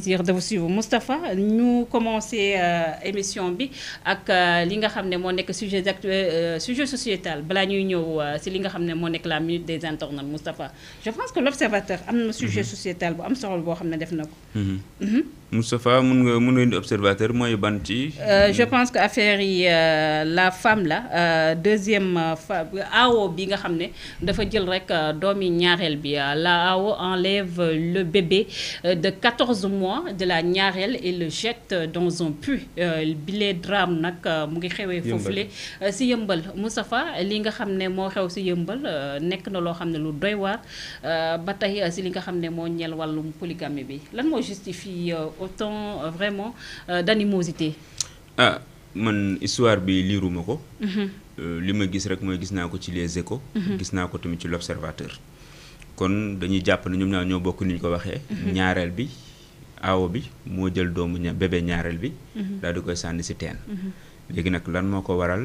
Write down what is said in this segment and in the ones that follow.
plaisir de vous suivre Moustapha ñu commencé euh, émission bi ak euh, li nga xam ne moo nekk sujet d'actuel euh, sujet sociétal balaa ñuy ñëw si li nga xam ne moo la minute des internautes Moustapha je pense que l'observateur am sujet mhm. sociétal bu am solo boo xam ne def na ko mhm. Mhm. Moustapha nga observateur Moy ban euh, je pense que affaire euh, la femme là euh, deuxième awo bi nga xam dafa jël rek doomi ñaareel bi la awo enlève le bébé de 14 mois de la ñaareel et le jette dans un puits bile drame nak mu ngi xewee. foofule si yëmbal Moustapha li nga xam ne moo xew si yëmbal nekk na loo lu doy ba si li nga polygamie bi lan moo justifie autant euh, vraiment euh, d'animosité ah man histoire bi liiruma ko mhm. euh, li ma gis rek moy gis naa ci les échos mhm. gis tamit ci l'observateur kon dañuy japp ne ñoom ñoo bokku ni ko waxé mhm. ñaarel bi awo bi mo jël doomu bébé ñaarel bi daal di koy sànni ci teen léegi nak lan moko waral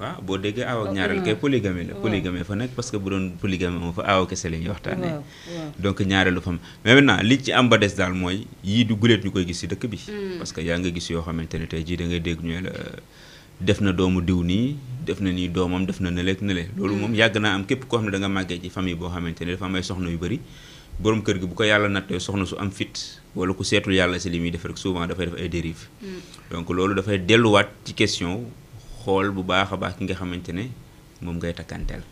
waaw boo déggee aaw ak ñaareel kay polygamie la polygamie fa nekk parce que bu doon polygamie moom fa aaw kese la ñuy waxtaanee donc ñaareelu fam mais li ci am ba des daal mooy yii du guleet ñu koy gis si dëkk bi hmm. parce que yaa nga gis yoo xamante ne tey jii da ngay dégg ñu la def na doomu diw nii def na nii doomam def na nëleeg nële hmm. loolu moom yàgg naa am képp koo xam ne da nga màggee ci famille boo xamante ne dafa am ay soxna yu bëri borom kër gi bu ko yàlla nattee soxna su am fit wala ku seetul yàlla si li muy def rek souvent dafay def ay dérive hmm. donc loolu dafay delluwaat ci question xool bu baax a baax ki nga xamante ne moom ngay takkanteel.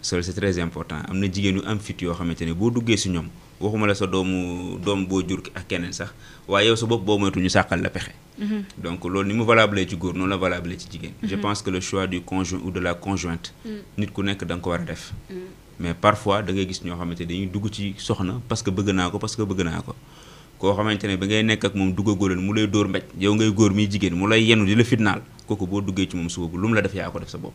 sol mm. c'est très important am na jigéen yu am fit yoo xamante ne boo duggee si ñoom waxuma la sa doomu doom boo jur ak keneen sax waaye yow sa bopp boo moytu ñu sàqal la pexe. Mm-hmm. donc loolu ni mu valable ci góor noonu la valable ci jigéen. je mm-hmm. pense que le choix du conjoint ou de la conjointe. Mm. nit ku nekk da nga ko war a def. Mm. mais parfois da ngay gis ñoo xamante dañuy dugg ci soxna parce que bëgg naa ko parce que bëgg naa ko. koo xamante ne ba ngay nekk ak moom duggagóoleen mu lay dóor mbéj yow ngay góor muy jigéen mu lay yenu di la fitnaal kooku boo duggee ci moom suba bu lu mu la def yaa ko def sa bopp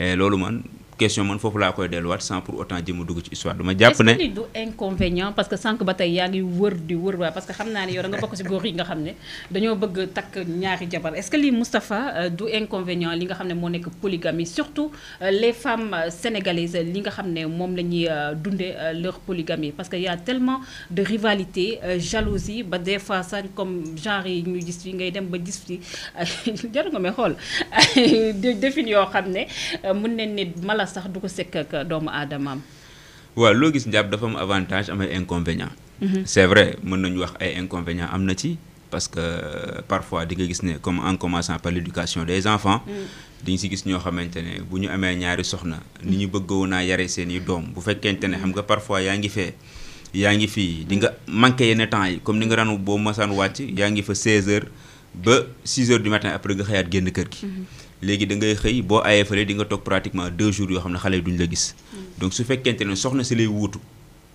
eh, loolu man question man foofu laa koy delluwaat sans pour autant djimu a dugg ci histoire dama japp ne c'est du inconvénient parce que sans ba tey wër di wër parce que xamna naa ne yow da nga bok ci góor yi nga xam ne bëgg tak ñaari jabar est-ce que li Moustapha euh, du inconvénient li nga xam mo nek polygamie surtout euh, les femmes euh, sénégalaises li nga xam mom lañuy dundé leur polygamie parce que y a tellement de rivalité jalousie ba des fois comme genre yi ñu gis fi ngay dem ba gis fi jaru nga may xool défini yoo xam ne mun ne wala sax du ko sekk ak doomu aadamaam. waaw loo gis njàpp dafa am avantage am ay inconvénient mhm. c'est vrai mën nañu wax ay inconvénient am na ci parce que euh, parfois di nga gis ne comme en commençant par l'éducation des enfants. Mm. dañ si gis ñoo xamante ne bu ñu amee ñaari soxna. ni ñu bëggoon naa yare seen i doom bu fekkente ne xam nga parfois yaa ngi fee. yaa ngi fii di nga manqué yenn temps yi comme ni nga daan boo masaan wàcc yaa ngi fa 16 heures ba 6 heures du matin après nga xëyaat génn kër gi. Mhm. léegi da ngay xëy boo ayee fële di nga toog pratiquement 2 jours yoo xam ne xale duñ la gis. Mhm. donc su fekkente ne soxna si lay wuutu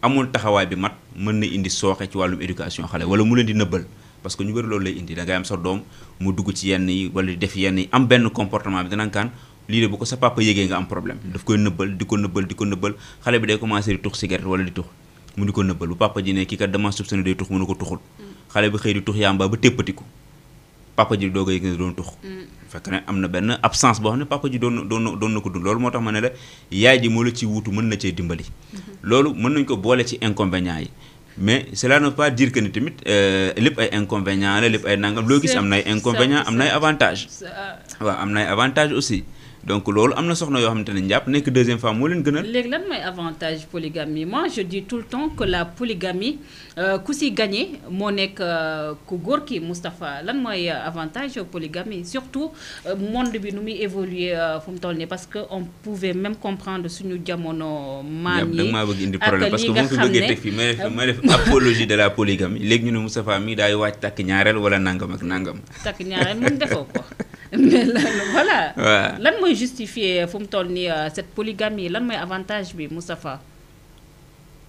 amul taxawaay bi mat mën na indi sooxe ci wàllum éducation xale wala mu leen di nëbbal. parce que ñu bëri loolu lay indi da ngay am sa doom mu dugg ci yenn yi wala def yenn yi am benn comportement bi danañ kaan lii de bu ko sa papa yëgee nga am problème. Mhm. daf koy nëbbal di ko nëbbal di ko nëbbal xale bi day commencé di tux cigarette wala di tux mu di ko nëbbal bu papa ji ne kii kat dama soupçonné day tux mu ne ko tuxul. xale bi xëy di tux yàmba ba téppati papa ji doo ko yëg ne doon tux mm. fekk ne am na benn absence boo xam ne papa ji doo doon doon na ko dund loolu moo tax ma ne la yaay ji moo la ci wuutu mën na cee dimbali mm-hmm. loolu mën nañ ko boole ci inconvénients yi mais cela la veut pas diir que ni tamit euh, lépp ay inconvénients la lépp ay nangam loo gis am nay inconvénients am nay avantage euh, waaw am nay avantage aussi donc loolu am na soxna yoo xamante ne njàpp nekk deuxième femme moo leen gënal. léegi lan mooy avantage polygamie moi je dis tout le temps que la polygamie euh, ku si gagné moo nekk euh, ku góor ki Moustapha lan mooy euh, avantage polygamie surtout monde bi nu muy évoluer fu mu toll nii parce que on pouvait même comprendre suñu jamono. maam yi maa bëgg indi problème parce que moom fi bëggee teg fi may def may def apologie de la polygamie léegi ñu ne Moustapha mii daay wàcc takk ñaareel wala nangam ak nangam. takk ñaareel moom defoo ko. mais loolu voilà. waaw lan mooy justifier euh, fu mu toll nii euh, cette polygamie lan mooy avantage bi Moustapha. Ah.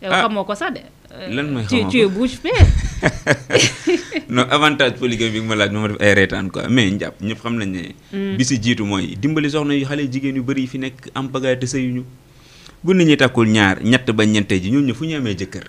yow xamoo ko sax de. Euh, lan mooy xamoo ko tu es bouche bée. non avantage polygamie bi nga ma laaj ma ma def ay reetaan quoi mais njàpp ñëpp xam nañ ne. Hmm. bi si jiitu dimbali soxna yu xale jigen yu bëri yi fi nekk am pagaay te sëyuñu bu nit ñi takkul ñaar ñett ba ñeente ji ñooñu fu ñu amee jëkkër.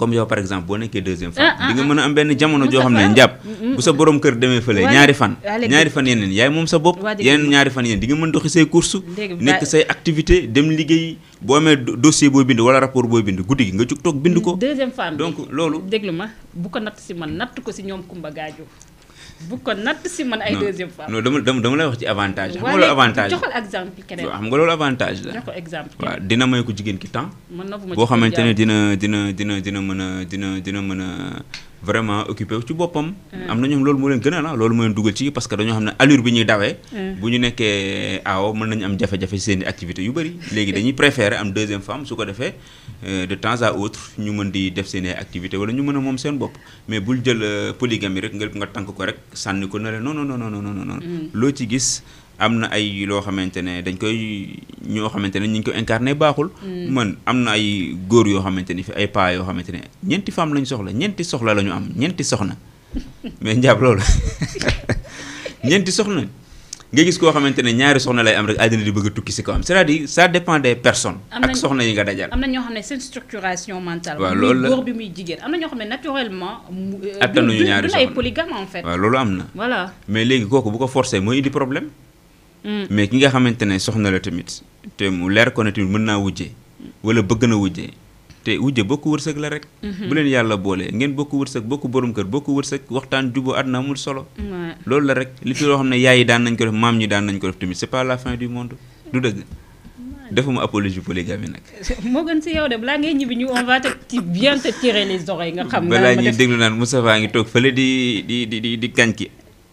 comme yow par exemple boo nekkee deuxième fan ah, ah, di nga ah. mën a am benn jamono joo xam ne njàpp mm, mm, bu sa borom kër demee fële ñaari fan ñaari fan yeneen yaay moom sa bopp yeneen ñaari fan yeneen di nga mën doxi say course nekk say activité dem liggéey boo amee dossier booy bind wala rapport booy bind guddi gi nga jug toog bind ko deuxième femme donc loolu déglu ma bu ko natt si man natt ko si ñoom Kumba Gaajo bu ko natt si man ay deuxième fois. non dama dama lay wax ci avantage. xam nga loolu avantage joxal nga loolu avantage la. jox dina may ko jigéen ki temps. mën na boo xamante ne dina dina dina dina mën a dina dina mën a. vraiment occupé ci bopam mm. amna na ñoom loolu mo leen gënal ah loolu mo leen duggal ci parce que dañu xam allure bi ñuy dawee. Mm. bu ñu nekké ah, aaw mën nañ am jafé jafé seen activité yu bari légui dañuy préférer am deuxième femme su ko defee euh, de temps à autre ñu mën di def seen activité wala ñu mën mom seen bop mais bul jël euh, polygamie rek nga nga tank ko rek sanni ko na leen non non non non non non. Mm. lo ci gis amna ay lo xamantene dañ koy ño xamantene ne ñu ko incarner baxul mm. man amna ay goor yo xamantene fi ay pa yo xamantene ne ñeenti femme lañ soxla ñeenti soxla la am ñeenti soxna mais njaab lool ñeenti soxna nga gis ko xamantene ñaari soxna lay am rek àddina di bëgg a tukki si kawam c'est-à-dire ça dépend des personnes. ak soxna yi nga dajal. amna ño ñoo xam ne structuration mentale. waaw loolu la bi muy jigen amna ño ñoo xam ne naturellement. Euh, attanuñu ñaari soxna lay polygame en fait. waaw loolu amna voilà mais légui kooku bu ko forcer moy indi problème. Mm. mais ki nga xamante ne soxna la tamit te mu leer ko ne tamit mën naa wujjee wala bëgg na wujjee te wujje bokk wërsëg la rek mm-hmm. bu leen yàlla boolee ngeen bokk wërsëg bokk borom kër bokk wërsëg waxtaan juboo àdduna amul solo loolu la rek li fi loo xam ne yaay yi daan nañ ko def maam ñi daan nañ ko def tamit c'est pas la fin du monde du dëgg defuma apologie polygamie nag. moo gën si yow de balaa ngay ñibbi ñu on va te bien te tirer les oreilles nga xam. naa ñuy déglu naan ngi toog fële di di di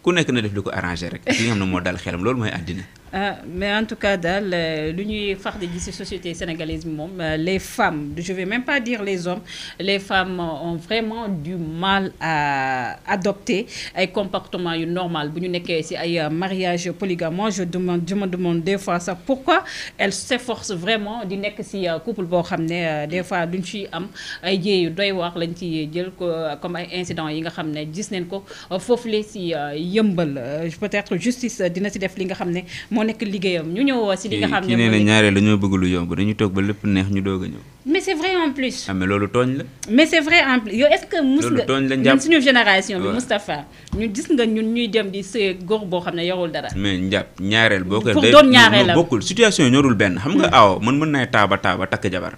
ku nekk na def li ko arrangé rek li nga xam ne moo dal xelam loolu mooy àddina Ah, mais en tout cas dans euh, lu de la di société sénégalaise euh, les femmes je ne vais même pas dire les hommes les femmes ont vraiment du mal à adopter un comportement normal Si ñu ci ay euh, mariage polygame je demande je me demande des fois ça pourquoi elles s'efforcent vraiment di nekk ci couple pour ramener des fois duñ ci am ay jéeyu doy wax lañ ci ko comme ay incidents yi nga xam ne gis neen ko foofu la ci yëmbal peut-être justice dina ci def li nga xam moo nekk liggéeyam ñu ñëw si li nga xam ne kii nee na ñaareel dañoo bëgg lu yomb dañu toog ba lépp neex ñu doog a ñëw mais c'est vrai en plus ah mais loolu tooñ la mais c'est vrai en plus yow est-ce que mus nga ñun suñu génération bi Moustapha ñu gis nga ñun ñuy dem di sëy góor boo xam ne yorul dara mais njàpp ñaareel boo ko pour doon ñaareel bokkul situation ñorul benn xam nga aaw hmm. man mën naay taaba taaba takk jabar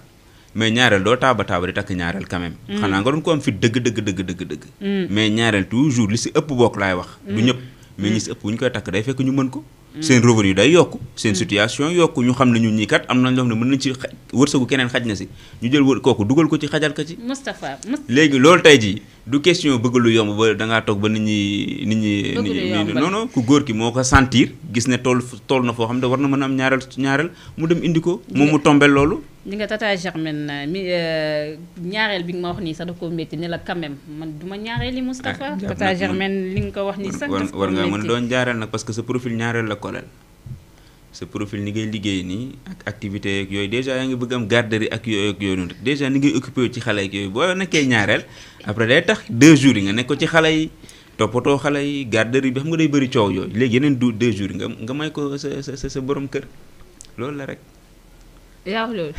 mais ñaareel doo taaba taaba di takk ñaareel quand même hmm. xanaa nga doon ko am fi dëgg dëgg dëgg dëgg dëgg hmm. mais ñaareel toujours li si ëpp bokk laay wax du ñëpp mais ñi si ëpp bu ñu koy takk day fekk ñu mën ko Mm. seen revenu day yokk seen mm. situation yokk ñu xam ne ñun ñii kat am nañ loo ne mën nañ ci xaj wërsëgu keneen xaj na si ñu jël wër kooku dugal ko ci xajal ko ci Moustapha léegi loolu tey jii du question bëgg lu yomb ba dangaa toog ba nit ñi nit ñi non non ku góor ki moo ko sentir gis ne toll tool na foo xam ne war na mën a am ñaareel ñaareel mu dem indi ko moom mu tombel loolu li nga tata germaine mi euh, ñaarel bi nga ma wax ni sa da ko metti ne la quand même man duma ñaarel li mustapha ah, tata germaine li nga wax ni sa war nga mën doon jaarel nak parce que ce profil ñaarel la kolal ce profil ni ngay liggéey ni ak activité ak yoy déjà yaa ngi bëgg am garderie ak yoy ak yooyu déjà ni ngay occupé ci xalé ak yooyu boo nekkee ñaarel après day tax deux jours nga nekk ci xalé yi topoto xalé yi garderie bi xam nga day bëri ciow yoy légui yenen deux jours nga nga may ko sa sa sa borom kër lool la rek yaa wax loolu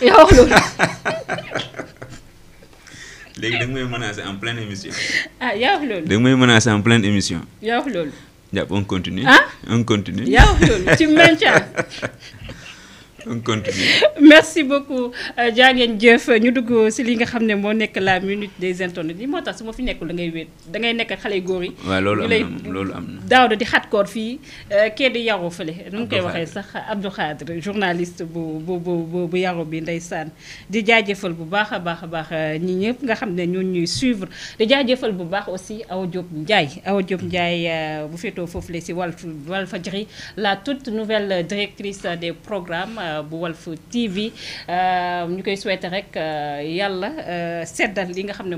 yaa wax loolu. léegi da nga may menacer en pleine émission. ah yaa wax Dang da may menacer en pleine émission. yaa wax on continue. Hein? on continue. yaa wax Tu tu maintiens on continue merci beaucoup euh, la minute des la toute nouvelle directrice des programmes. Euh, bu Walf TV euh, ñu koy souhaité rek euh, yàlla euh, seddal li nga xam ne.